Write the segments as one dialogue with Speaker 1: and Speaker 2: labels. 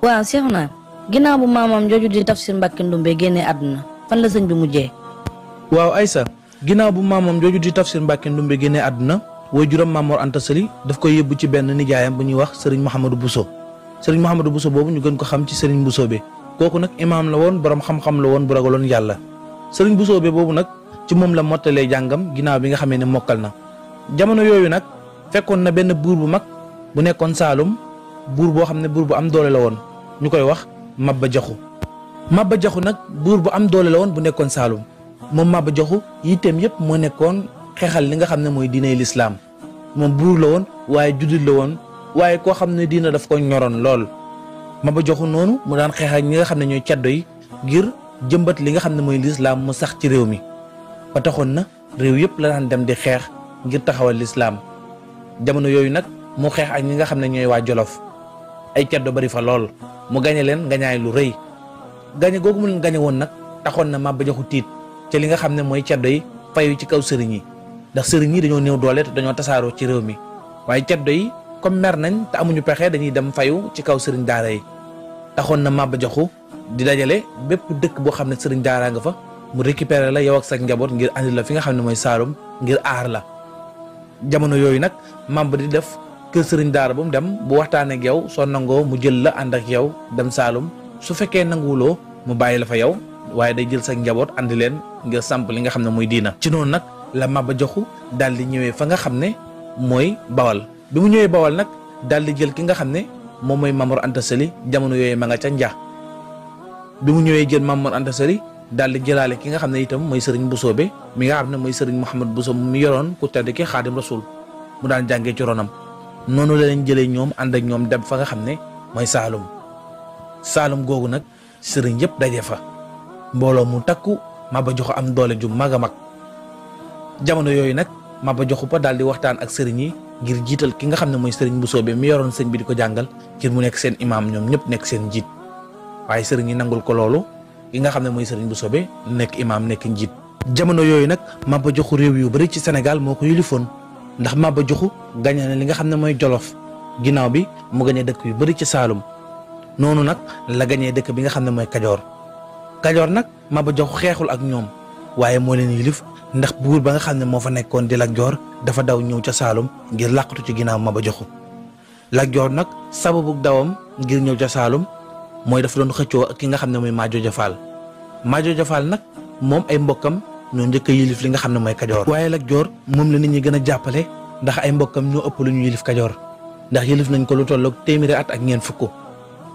Speaker 1: waaw seex na ginnaaw bu maamaam jooju di tafsir mbàkke ndumbe génnee àdduna fan la sëñ bi mujjee. waaw Aysa ginnaaw bu maamaam jooju di tafsir mbàkke ndumbe génnee àdduna woy juróom Maamoor Anta Sali daf koy yóbbu ci benn nijaayam bu ñuy wax sëriñ Mouhamadou Bousso sëriñ Mouhamadou Bousso boobu ñu gën ko xam ci sëriñ Bousso bi kooku nag imaam la woon borom xam-xam la woon bu ragaloon yàlla sëriñ Bousso bi boobu nag ci moom la mottalee jàngam ginaaw bi nga xamee ne mokkal na jamono yooyu nag fekkoon na benn buur bu mag bu nekkoon Saalum buur boo xam ne buur bu am doole la woon ñu koy wax Maba Jaxu Maba Jaxu nag buur bu am doole la woon bu nekkoon Saalum moom Maba Jaxu yitteem yëpp moo nekkoon xeexal li nga xam ne mooy diiney lislaam moom buur la woon waaye juddit la woon waaye koo xam ne diina daf ko ñoroon lool Maba Jaxu noonu mu daan xeex ak ñi nga xam ne ñooy caddo yi ngir jëmbat li nga xam ne mooy lislaam mu sax ci réew mi ba taxoon na réew yëpp la daan dem di xeex ngir taxawal lislaam jamono yooyu nag mu xeex ak ñi nga xam ne ñooy waa Jolof ay ceddo bari fa lool mu gañe leen gañaay lu rëy gañe googu mu leen gañe woon nag na Maba Jaxu tiit ci li nga xam ne mooy ceddo fayu ci kaw sëriñ yi ndax sëriñ yi dañoo néew doole te dañoo tasaaroo ci réew mi waaye ceddo yi comme mer nañ amuñu dañuy dem fayu ci kaw sëriñ daara yi taxoon na Maba Jaxu di dajale bépp dëkk boo xam ne sëriñ daara nga fa mu récupérer la yow ak ngir andi la fi nga ngir aar la jamono yooyu nag Maba di def kër sëriñ daara ba mu dem bu waxtaan ak yow soo nangoo mu jël la ànd ak yow dem Saalum su fekkee nanguwuloo mu bàyyi la fa yow waaye day jël sa njaboot àndi leen ngir samp li nga xam ne muy diina ci noonu nag la Maba Jaxu daal di ñëwee fa nga xam ne mooy bawal bi mu ñëwee bawal nag daal di jël ki nga xam ne moom mooy Mamoor Anta Sali jamono yooyu ma nga ca nja bi mu ñëwee jël Mamoor Anta Sali daal di jëlaale ki nga xam ne itam mooy sëriñ Busoobe mi nga xam ne mooy sëriñ Mouhamed Bousso mi yoroon ku tedd ki Xaadim nono la leen jëlee ñoom nyom ak ñoom dem fa nga xam ne mooy saalum saalum googu nag sëriñ yëpp daje fa mbooloo mu takku maba joxu am doole ju mag a jamono yooyu nag maba joxu pa daal waxtaan ak sëriñ ngir jiital ki nga xam ne mooy sëriñ bu soobee mi yoroon sëñ bi di ko jàngal ngir mu nekk seen imaam ñoom ñëpp nekk seen njiit waaye sëriñ nangul ko loolu ki nga ne mooy sëriñ bu soobee nekk imaam jamono yooyu nak maba joxu réew yu bari ci Sénégal ko ndax Maba Diakhou gañe na li nga xam ne mooy Jolof ginnaaw bi mu gañe dëkk yu bari ci Saalum noonu nag la gañee dëkk bi nga xam ne mooy Kajoor Kajoor nag Maba Diakhou xeexul ak ñoom waaye moo leen yilif ndax buur ba nga xam ne moo fa nekkoon di Lat Joor dafa daw ñëw ca Saalum ngir làqatu ci ginnaaw Maba Diakhou Lat Joor nag sababu dawam ngir ñëw ca Saalum mooy dafa doon xëccoo ak ki nga xam ne mooy Maajo Jafaal Maajo Jafaal nag moom ay mbokkam ñoo njëkk a yilif li nga xam ne mooy kajoor waaye Lat Joor moom la nit ñi gën a jàppale ndax ay mbokkam ñoo ëpp lu ñu yilif kajoor ndax yilif nañ ko lu tolloog téeméeri at ak ñeent fukk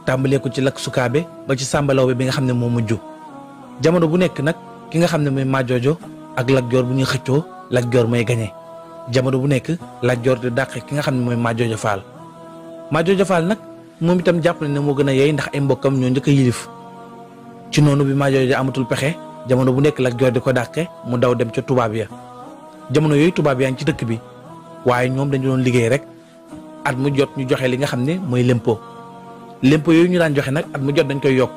Speaker 1: tàmbalee ko ci lak sukaabe ba ci sàmbalaw bi nga xam ne moo mujj jamono bu nekk nag ki nga xam ne mooy majoojo ak Lat Joor bu ñuy xëccoo Lat Joor mooy gañe jamono bu nekk Lat Joor di dàq ki nga xam ne mooy majoojo faal majoojo faal nag moom itam jàppale ne moo gën a yey ndax ay mbokkam ñoo njëkk a yilif ci noonu bi majoojo amatul pexe jamono bu nekk la Joor di ko dàqe mu daw dem ca tubaab ya jamono yooyu tubaab yaa ngi ci dëkk bi waaye ñoom dañu doon liggéey rek at mu jot ñu joxe li nga xam ne mooy lempo lempo yooyu ñu daan joxe nag at mu jot dañ koy yokk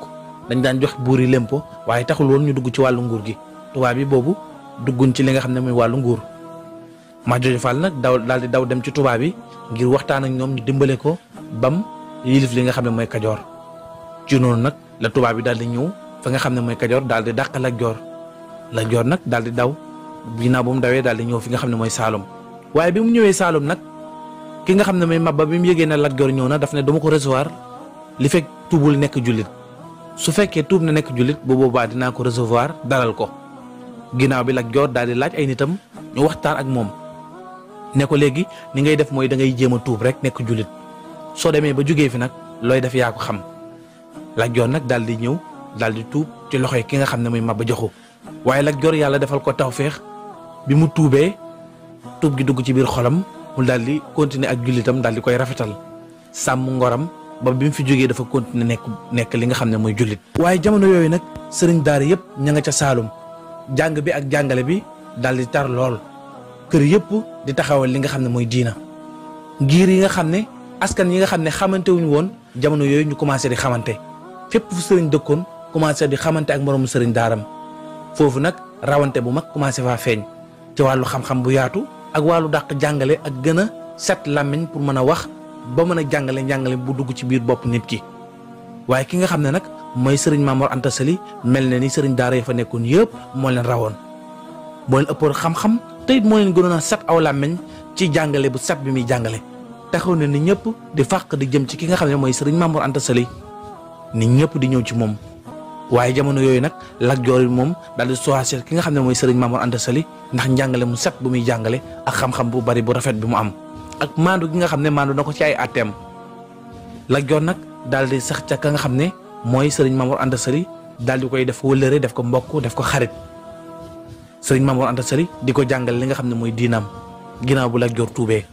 Speaker 1: dañ daan jox buur yi lempo waaye taxul woon ñu dugg ci wàllu nguur gi tubaab yi boobu dugguñ ci li nga xam ne mooy wàllu nguur Maajoojo Faal nag daw daal di daw dem ci tubaab yi ngir waxtaan ak ñoom ñu dimbale ko bam yilif li nga xam ne mooy Kajoor ci noonu nag la tubaab yi daal di ñëw fa nga xam ne mooy Kajoor daal di dàq Lat Joor Lat Joor nag daal di daw ginnaaw bu mu dawee dal di ñëw fi nga xam ne mooy Saalum waaye bi mu ñëwee Saalum nag ki nga xam ne mooy Mabba bi mu yëgee ne Lat Joor ñëw na daf ne dama ko recevoir li fekk tuubul nekk jullit su fekkee tuub na nekk jullit bu boobaa dinaa ko recevoir dalal ko ginnaaw bi Lat Joor daal di laaj ay nitam ñu waxtaan ak moom ne ko léegi ni ngay def mooy da ngay jéem a tuub rek nekk jullit soo demee ba jógee fi nag looy def yaa ko xam Lat Joor nag daal di ñëw. daal di tuub ci loxoy ki nga xam ne muy Maba Jaxu waaye nag jor yàlla defal ko tawféex bi mu tuubee tuub gi dugg ci biir xolam mu daal di continuer ak jullitam daal di koy rafetal ngoram ba fi dafa continuer nek nekk li nga xam ne mooy jullit. waaye jamono yooyu nag sëriñ daara yëpp ña ca Saalum jàng bi ak jàngale bi daal di tar lol kër yëpp di taxawal li nga xam ne diina giir yi nga xam askan yi nga xam ne xamante won jamono yooyu ñu commencé di fu commencé di xamante ak moroomu sëriñ daaram foofu nag rawante bu mag commencé faa feeñ ci wàllu xam-xam bu yaatu ak wàllu dàq jàngale ak gën a set làmmiñ pour mën a wax ba mën a jàngale njàngale bu dugg ci biir bopp nit ki waaye ki nga xam ne nag mooy sëriñ Maamor Anta Sali mel na ni sëriñ daara yi fa nekkoon yëpp moo leen rawoon moo leen ëppoon xam-xam te it moo leen gënoon a set aw làmmiñ ci jàngale bu set bi muy jàngale taxaw na ni ñëpp di fàq di jëm ci ki nga xam ne mooy sëriñ Maamor Anta Sali ni ñëpp di ñëw ci moom waaye jamono yooyu nag Lat Joor moom daal di choisir ki nga xam ne mooy sëriñ Mamoor Anta Sali ndax njàngale mu set bu muy jàngale ak xam-xam bu bari bu rafet bi mu am ak maandu gi nga xam ne maandu na ko ci ay atteem Lat Joor nag daal di sax ca ka nga xam ne mooy sëriñ Mamoor ànd Sali daal di koy def ko wëllëre def ko mbokk def ko xarit sëriñ Mamoor Anta Sali di ko jàngale li nga xam ne mooy diinam ginnaaw bu Lat Joor tuubee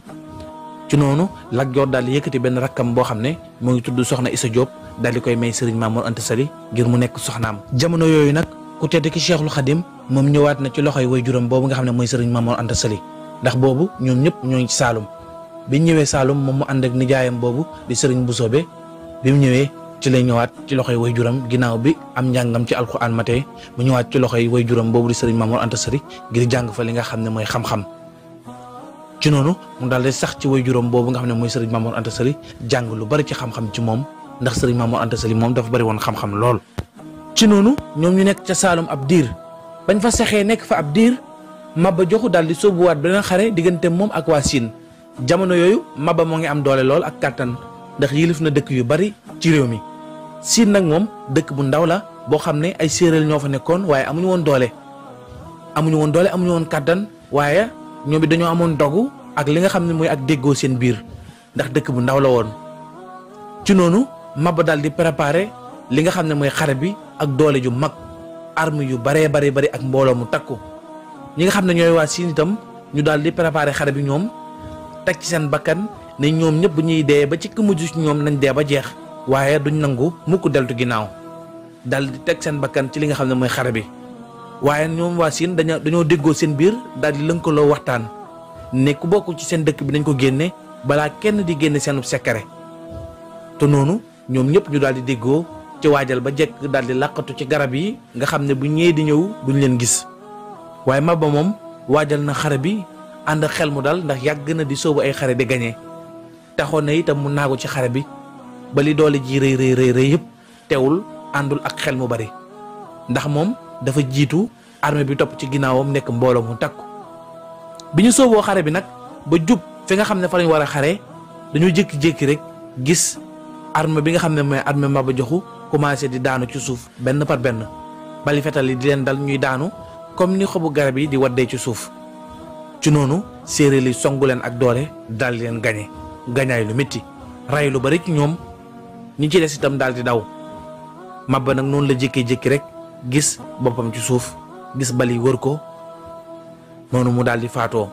Speaker 1: ci noonu Lat Joor daal di yëkkati benn rakkam boo xam ne moo ngi tudd soxna Isa Diop daal di koy may Serigne Mamour Anta Sali ngir mu nekk soxnaam jamono yooyu nag ku tedd ki Cheikhul Khadim moom ñëwaat na ci loxoy way juróom boobu nga xam ne mooy Serigne Mamour Anta Sali ndax boobu ñoom ñëpp ñoo ngi ci Saalum bi ñëwee Saalum moom mu ànd nijaayam boobu di Serigne Bousobe bi mu ñëwee ci lay ñëwaat ci loxoy way juram ginnaaw bi am njàngam ci alxuraan matee mu ñëwaat ci loxoy way juram boobu di Serigne Mamour Anta Sali ngir jàng fa li nga xam ne mooy xam-xam ci noonu mu daal di sax ci way juróom boobu nga xam ne mooy sëriñ Mamoor Anta Sali jàng lu bari ci xam-xam ci moom ndax sëriñ Mamoor Anta Sali dafa bari woon xam-xam lool ci noonu ñoom ñu nekk ca bañ fa Abdir, nekk fa ab diir Maba Joxu daal di sóobuwaat beneen ak jamono yoyu Maba moo ngi am doole lol ak kàttan ndax yilif na yu bari ci réew mi Siin nag moom dëkk bu ndaw la nekon, xam ay séeréer ñoo fa nekkoon waaye amuñu won doole amuñu won doole amuñu won kàttan waaye ñoom bi dañoo dogu ak li nga xam ne mooy ak déggoo seen biir ndax dëkk bu ndaw la woon ci di préparé li nga xam ne mooy xare bi ak doole ju mag arme yu baree bari bari ak mbooloo mu takku ñi nga xam ne ñooy waa itam ñu daal di préparé xare bi ñoom teg ci seen bakkan ne ñoom ñëpp bu ñuy dee ba ci ku mujj ci ñoom nañ dee ba jeex waaye duñ nangu mukk deltu di seen bakkan ci li nga xam ne xare bi waaye ñoom waa Siin dañoo dañoo déggoo seen di waxtaan ne ku bokk ci seen dëkk bi nañ ko génne balaa kenn di génne seenub secret te noonu ñoom ñëpp ñu daal di déggoo ci waajal ba jekk daal di ci garab yi nga bu di ñëw duñ leen gis waaye maba moom waajal na xare bi ànd xel mu dal ndax yàgg na di soobu ay xare di gañee taxoon na itam mu naagu ci xare bi ba li doole ji rëy rëy rëy rëy yëpp teewul àndul ak xel mu bari ndax dafa armée bi ci mu takku bi ñu sooboo xare bi nag ba jub fi nga xam ne fa lañ war a xare dañoo jëkki jékki rek gis arme bi nga xam ne mooy arme Maba joxu commencé di daanu ci suuf benn par benn bali fetal yi di leen dal ñuy daanu comme ni xobu garab yi di waddee ci suuf ci noonu séeréer yi songu leen ak doole daal di leen gañe gañaay lu métti ray lu bari ci ñoom ñi ci des itam daal di daw Maba nag noonu la jékkee jékki rek gis boppam ci suuf gis bali wër ko noonu mu daal di faatoo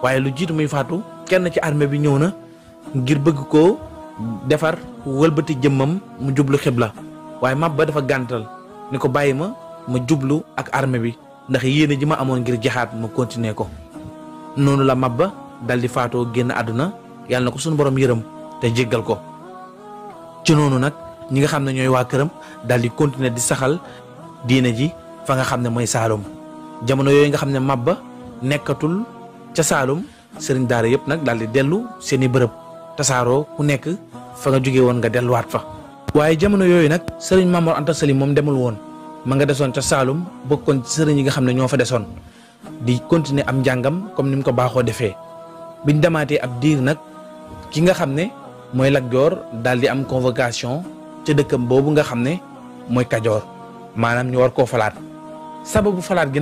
Speaker 1: waaye lu jiitu muy faatu kenn ci armée bi na ngir bëgg ko defar wëlbati jëmmam mu jublu xibla waaye mab ba dafa gàntal niko ko bàyyi jublu ak armée bi ndax yéene ji ma amoon ngir jaxaat ma continuer ko Nono la mab ba dal di faatoo génn na suñu borom yërëm te jéggal ko ci noonu nag ñi nga xam ne ñooy waa këram di continuer di saxal diine ji fa nga xam ne mooy jamono nga nekkatul ca Saalum sëriñ daara yëpp nag daal di dellu seeni bërëb tasaaroo ku nekk fa nga jóge woon nga delluwaat fa. waaye jamono yooyu nag sëriñ Mamoor Anta Sali moom demul woon ma nga desoon ca Saalum bokkoon ci sëriñ yi nga xam ne ñoo fa desoon di continuer am njàngam comme ni mu ko baaxoo defee biñ demaatee ab diir nag ki nga xam ne mooy Lat Joor daal di am convocation ca dëkkam boobu nga xam ne mooy Kajoor maanaam ñu war koo falaat sababu falaat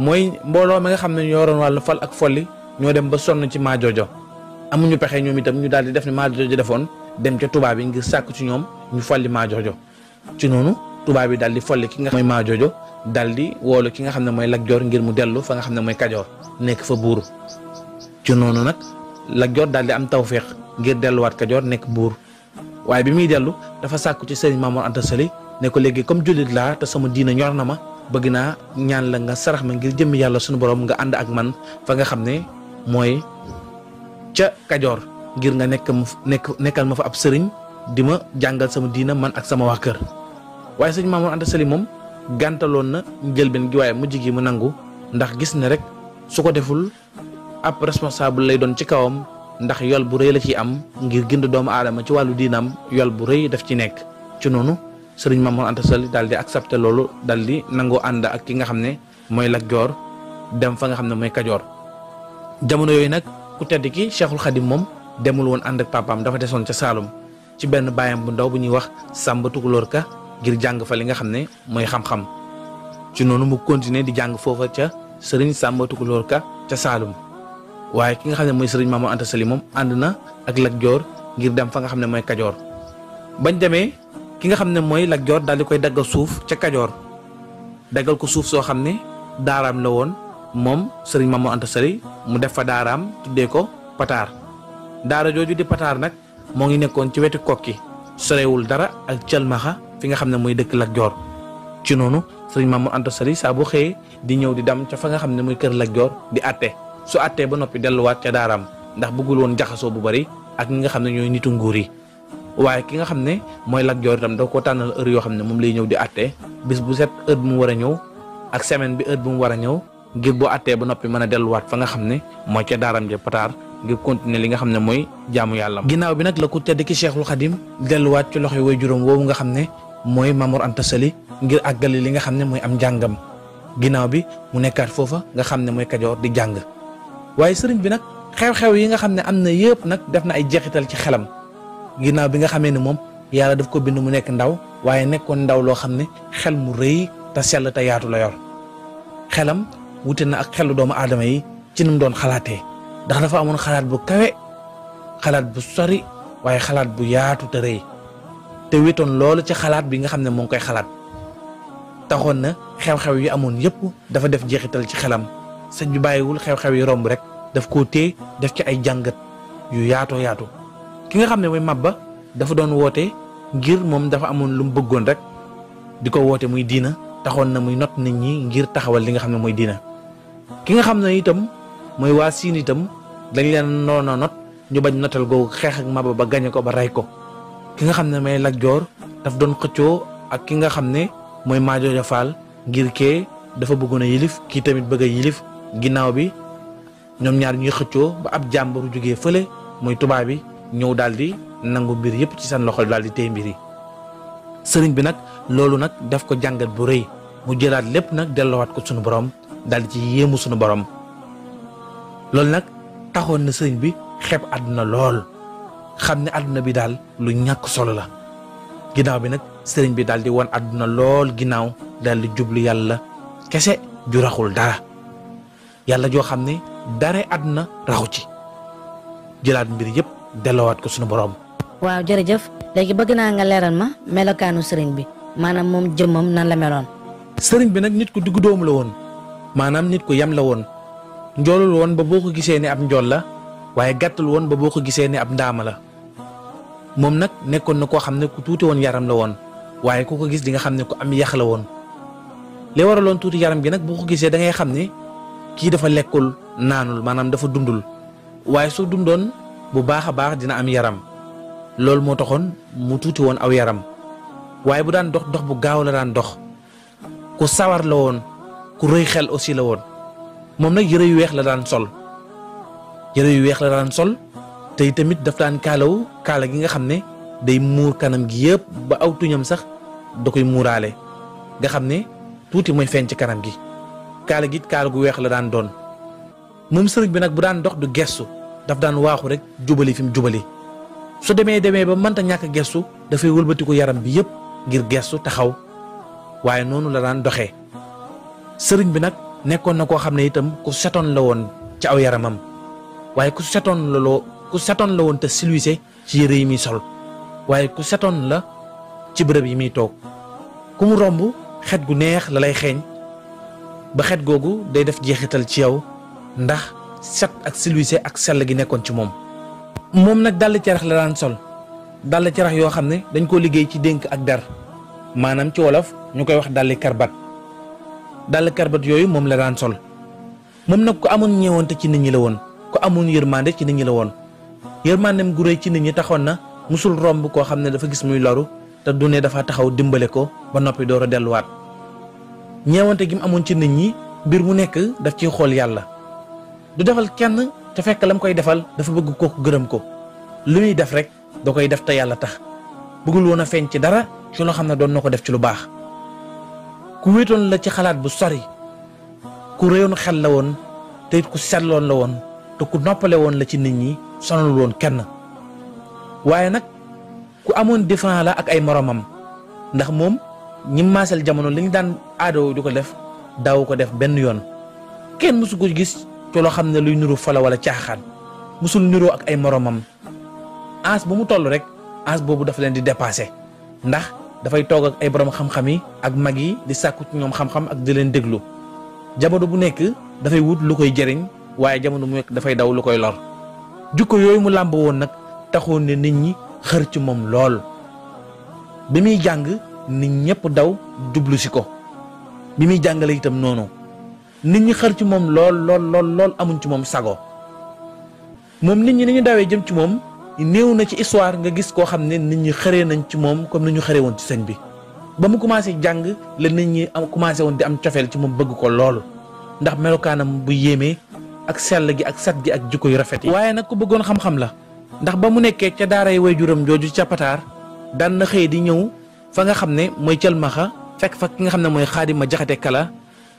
Speaker 1: mooy mbooloo mi nga xam ne ñoo doon fal ak folli ñoo dem ba sonn ci maajoojo amuñu pexe ñoom itam ñu daal di def ne maajoojo defoon dem ca tubaab yi ngir sàkku ci ñoom ñu folli maajoojo ci noonu tubaab yi daal di folli ki nga xam mooy maajoojo daal di woolu ki nga xam ne mooy Lat Joor ngir mu dellu fa nga xam ne mooy Kajoor nekk fa buur ci noonu nag Lat Joor daal di am tawféex ngir delluwaat Kajoor nekk buur waaye bi muy dellu dafa sàkku ci sëriñ Mamoor Anta Sali ne ko léegi comme jullit laa te sama diina ñor na ma bëgg naa ñaan la nga sarax ma ngir jëmmi yàlla sunu borom nga ànd ak man fa nga xam ne ca kajoor ngir nga nekkal ma fa ab sama diina man ak sama waa kër waaye sëñ Mamour Anta Sali moom gàntaloon na njëlbeen gi mujj gi mu nangu ndax gis ne rek su deful ab responsable lay don ci kawam ndax yol bu rëy la ciy am ngir gind doomu aadama ci wàllu dinam yol bu rëy daf ci ci sering Maam Mor Anta Sall daal di accepté loolu daal di nangoo ak ki nga xam ne mooy Lat Joor dem fa nga xam ne mooy Kajoor jamono yoy nag ku tedd ki Cheikhul Khadim moom demul won ànd ak papaam dafa desoon ca Saalum ci benn baayam bu ndaw bu wax ka ngir jàng fa li nga ne xam-xam ci noonu mu continuer di jàng foofa ca sëriñ Samba Tukulóor ka ca Saalum waaye ki nga xam ne mooy sëriñ Maam Mor Anta Sall moom ànd na ak Lat jor ngir dem fa nga ne mooy bañ demee ki nga xam ne mooy Lat Joor daal di koy daggal suuf ca Kajoor daggal ko suuf soo xam ne daaraam la woon moom sëriñ Mamoor Anta Sali mu def fa daaraam tuddee ko Pataar daara jooju di Pataar nag moo ngi nekkoon ci wetu kokki sorewul dara ak Calmaxa fi nga xam ne mooy dëkk Lat Joor ci noonu sëriñ Mamoor Anta Sali saa bu xëyee di ñëw di dem ca fa nga xam ne mooy kër Lat Joor di àtte su àttee ba noppi delluwaat ca daaraam ndax bëggul woon jaxasoo bu bari ak ñi nga xam ne ñooy nitu nguur yi waaye ki nga xam ne mooy Lat Joor itam da ko tànnal heure yoo xam ne moom lay ñëw di àtte bis bu set heure bu mu war a ñëw ak semaine bi heure bu mu war a ñëw ngir boo àttee ba noppi mën a delluwaat fa nga xam ne mooy ca daaram ja pataar li nga xam ne mooy jaamu yàlla ginnaaw bi nag la ku tedd ki Cheikhul Khadim delluwaat ci loxo way juróom woowu nga xam ne mooy Mamour Anta Sali ngir àggali li nga xam ne mooy am njàngam ginnaaw bi mu nekkaat foofa nga xam ne mooy Kajoor di jàng waaye sëriñ bi nag xew-xew yi nga xam ne am na yëpp nag def na ay jeexital ci xelam ginnaaw bi nga xamee ne moom yàlla daf ko bind mu nekk ndaw waaye nekkoon ndaw loo xam ne xel mu rëy te sell te yaatu la yor xelam wute na ak xelu doomu aadama yi ci nu doon xalaatee ndax dafa amoon xalaat bu kawe xalaat bu sori waaye xalaat bu yaatu te rëy te wetoon loolu ci xalaat bi nga xam ne moo ngi koy xalaat taxoon na xew-xew yi amoon yëpp dafa def jeexital ci xelam sëñ bi bàyyiwul xew-xew yi romb rek daf koo téye def ci ay jàngat yu yaatoo yaatu ki nga xam ne mooy Mabba dafa doon woote ngir moom dafa amoon lu bëggoon rek di ko woote muy diina taxoon na muy not nit ñi ngir taxawal li nga xam ne mooy diina ki nga xam ne itam mooy waa siin itam dañ leen noona not ñu bañ notal googu xeex ak ba gañe ko ba rey ki nga xam ne may Lat Joor daf doon xëccoo ak ki nga xam ne mooy Maajooja Faal ngir kee dafa bëggoon a yilif kii tamit bëgg yilif ginnaaw bi ñoom ñaar ñuy xëccoo ba ab jàmbaru jógee fële mooy tubaab bi ñëw daldi di nangu mbir yépp ci seen loxo daal di téye mbir yi sëriñ bi nag loolu nag daf ko jàngat bu mu jëlaat lépp nag delloowaat ko sunu borom daal ci yéemu sunu borom loolu nag na sëriñ bi xeeb àdduna lool xam ne àdduna bi daal lu ñàkk solo la ginnaaw bi nag sëriñ bi daal di won jubliyal lool ginnaaw daal jublu yàlla kese ju raxul dara yàlla joo xam ne dara raxu ci mbir yépp delloowaat ko sunu borom. waaw jërëjëf léegi bëgg naa nga leeral ma melokaanu sëriñ bi maanaam mom jëmmam nan la meloon. sëriñ bi nag nit ku diggu doomu la woon maanaam nit ku yam la woon njoolul woon ba boo ko gisee ne ab njool la waaye gàttul woon ba boo ko gisee ne ab ndaama la moom nag nekkoon na koo xam ku tuuti woon yaram la woon waaye ku ko gis di nga xam ne ku am yax la woon li waraloon tuuti yaram gi nag boo gisee da ngay xam ne dafa lekkul naanul maanaam dafa dundul waaye su dundoon bu baax a baax dina am yaram loolu moo taxoon mu tuuti woon aw yaram waaye bu daan dox dox bu gaaw la daan dox ku sawar la woon ku rëy xel aussi la woon moom nag yëre yu weex la daan sol yëre yu weex la daan sol te tamit daf daan kaalawu kaala gi nga xam ne day muur kanam gi yëpp ba aw tuñam sax da koy muuraale nga xam ne tuuti mooy feeñ ci kanam gi kaala gi kaala gu weex la daan doon moom sëriñ bi nag bu daan dox du gestu daf daan waaxu rek jubali fi mu jubali su demee demee ba mënta ñàkk gestu dafay wëlbatiku yaram bi yëpp ngir gestu taxaw waaye noonu la daan doxee sëriñ bi nag nekkoon na koo xam ne itam ku setoon la woon ci aw yaramam waaye ku setoon la loo ku setoon la woon te silwise ci yére yi muy sol waaye ku setoon la ci bërëb yi muy toog ku mu romb xet gu neex la lay xeeñ ba xet googu day def jeexital ci yow ndax set ak silwise ak sell gi nekkoon ci moom moom nag dàll carax la daan sol dàll carax yoo xam ne dañ koo liggéey ci dénk ak der maanaam ci wolof ñu koy wax dàll karbat dàll karbat yooyu moom la daan sol moom nag ko amoon ñeewante ci nit ñi la woon ko amoon yërmande ci nit ñi la woon yërmandeem gu réy ci nit ñi taxoon na mosul romb koo xam ne dafa gis muy loru te du dafa taxaw dimbale ko ba noppi door a delluwaat ñeewante gi mu amoon ci nit ñi mbir mu nekk daf ciy xool yàlla du defal kenn te fekk la mu koy defal dafa bëgg kooku gërëm ko lu muy def rek da koy def te yàlla tax bëggul woon a feeñ ci dara ci loo xam ne doon na ko def ci lu baax ku wéetoon la ci xalaat bu sori ku réyoon xel la woon te it ku seetloon la woon te ku noppale woon la ci nit ñi sonalul woon kenn waaye nag ku amoon différent la ak ay moroomam ndax moom ñi maasal jamono li ñu daan aadoo du ko def daaw ko def benn yoon kenn mësu ko gis ci xam ne luy niru folo wala caaxaan mosul niroo ak ay moroomam as bu mu toll rek as boobu dafa leen di dépassé ndax dafay toog ak ay boroom xam-xam yi ak mag yi di sàkku ci ñoom xam-xam ak di leen déglu jamono bu nekk dafay wut lu koy jëriñ waaye jamono bu nekk dafay daw lu koy lor jukko yooyu mu làmb woon nag taxoon ne nit ñi xër ci moom lool bi muy jàng nit ñëpp daw jublu si ko bi muy jàngale itam noonu. nit ñi xër ci moom lool lool lool lool amuñ ci moom sago moom nit ñi ni ñu dawee jëm ci moom néew na ci histoire nga gis koo xam ne nit ñi xëree nañ ci moom comme ni ñu xëree woon ci sëñ bi ba mu commencé jàng la nit ñi am commencé woon di am cofeel ci moom bëgg ko lool ndax melokaanam bu yéemee ak sell gi ak set gi ak jukko yu rafet yi. waaye nag ku bëggoon xam-xam la ndax ba mu nekkee ca daaray waajuram jooju ca Pataar daan na xëy di ñëw fa nga xam ne mooy Cëlmaxa fekk fa ki nga xam ne mooy Xaadima Jaxate Kala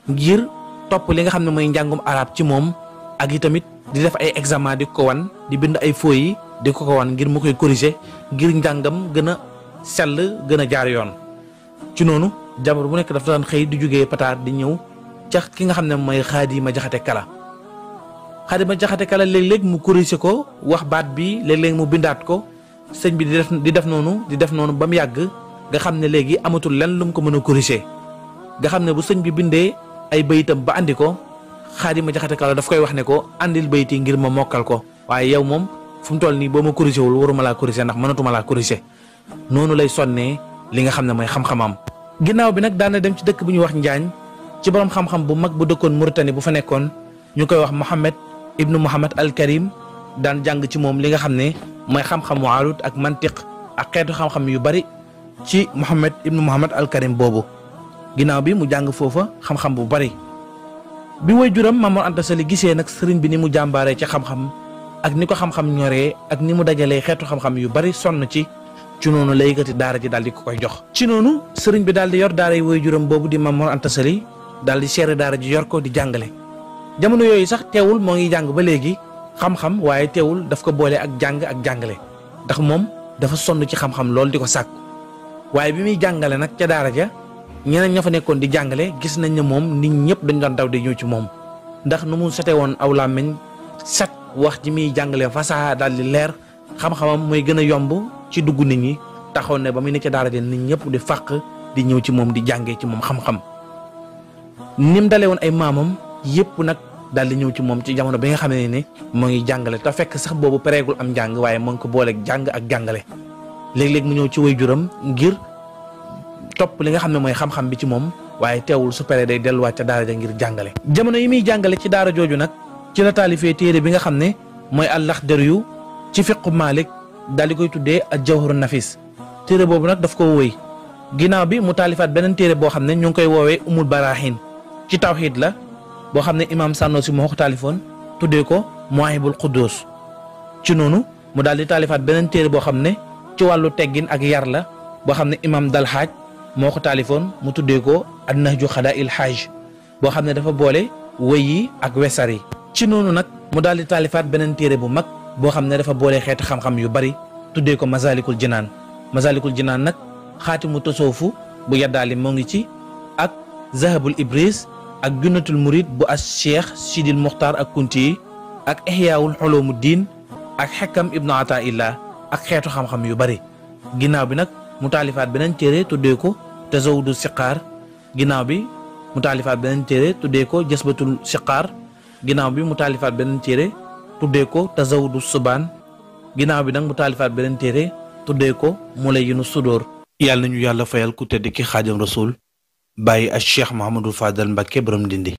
Speaker 1: ngir. topp li nga xam ne mooy njàngum arab ci moom ak yi tamit di def ay examen di ko wan di bind ay feuilles di ko ko wan ngir mu koy corriger ngir njàngam gën a sell gën a jaar yoon ci noonu jabar bu nekk daf daan xëy di jógee pataar di ñëw ca ki nga xam ne mooy Xaadima Jaxate Kala Xaadima Jaxate Kala léeg-léeg mu corriger ko wax baat bi léeg-léeg mu bindaat ko sëñ bi di def di def noonu di def noonu ba mu yàgg nga xam ne léegi amatul lenn lu mu ko mën a corriger nga xam ay bayitam ba andiko ko xaadima jaxate kala daf koy wax ne ko andil bayiti ngir ma mokkal ko waaye yow moom fu toll nii boo ma wul waruma laa corrigé ndax mënatuma laa corrigé noonu lay sonnee li nga xam ne mooy xam-xamam. ginnaaw bi nag daana dem ci dëkk bu wax Njaañ ci borom xam-xam bu mag bu Mauritanie bu fa wax ibnu Muhammad al Karim dan jang ci moom li nga xam ne mooy xam-xamu ak mantiq ak xam-xam yu bari ci ibnu Muhammad al Karim bobo. ginnaaw bi mu jàng foofa xam-xam bu bari bi way juram Mamoor Anta Sali gisee nag sëriñ bi ni mu jàmbaaree ci xam-xam ak ni ko xam-xam ñoree ak ni mu dajalee xeetu xam-xam yu bari sonn ci ci noonu la yëkkati daara ji daal di ko koy jox. ci noonu sëriñ bi daal di yor daara yi way juram boobu di Mamoor Anta dal di seere daara ji yor ko di jàngale jamono yooyu sax teewul moo ngi jàng ba léegi xam-xam waaye teewul daf ko boole ak jàng ak jàngale ndax moom dafa sonn ci xam-xam di ko sàkk waaye bi muy jàngale nag ca ja ñeneen ña fa nekkoon di jàngale gis nañ ne moom nit ñëpp dañu doon daw di ñëw ci moom ndax nu mu sete woon aw làmmiñ set wax ji muy jàngale fasaha daal di leer xam-xamam mooy gën a yomb ci dugg nit ñi taxaw ne ba muy nekk daara ja nit ñëpp di fàq di ñëw ci moom di jàngee ci moom xam-xam nim woon ay maamam yëpp nag daal di ñëw ci moom ci jamono bi nga xam ne ni moo ngi jàngale te fekk sax boobu pareegul am jàng waaye moo ngi ko booleeg jàng ak jàngale léegi léeg mu ñëw ci way juram ngir topp li nga xam ne mooy xam-xam bi ci moom waaye teewul su paree day delluwaat ca daara a ngir jàngale. jamono yi muy jàngale ci daara jooju nag ci la taalifee téere bi nga xam ne mooy a Al-Laxdariyu ci fiqu Maalik dal di koy tuddee ak Jawharu Nafis téere boobu nag daf ko woy ginnaaw bi mu taalifaat beneen téere boo xam ne ñu ngi koy woowee Umul Baraahin ci tawxiid la boo xam ne imaam Sànnoosi moo ko taalifoon tuddee ko Muwaahibul Quddus ci noonu mu daal di taalifaat beneen téere boo xam ne ci wàllu teggin ak yar la boo xam ne imaam Dalxaaj moo ko taalifoon mu tuddee ko annahju xadaa il boo xam ne dafa boole wéy yi ak wesar yi ci noonu nag mu daal di taalifaat beneen téere bu mag boo xam ne dafa boole xeeti xam-xam yu bari tuddee ko masalikul jinaan masalikul jinaan nag xaati mu tosoofu bu yaddaali moo ngi ci ak zahabul ibris ak junnatul murid bu as cheikh sidil muxtaar ak kunti yi ak ixyaawul xoloomu diin ak xekkam ibnu ataillah ak xeetu xam-xam yu bari ginnaaw bi nag mu taalifaat beneen téere tuddee ko tazawudu siqaar ginnaaw bi mu taalifaat beneen téere tuddee ko jasbatul siqaar ginnaaw bi mu taalifaat beneen téere tuddee ko tazawudu subaan ginnaaw bi nag mu taalifaat beneen téere tuddee ko mulayinu sudóor yàlla ñu yàlla fayal ku di ki xaajam rasul bàyyi ak cheikh mahamadou fadal mbakke borom dindi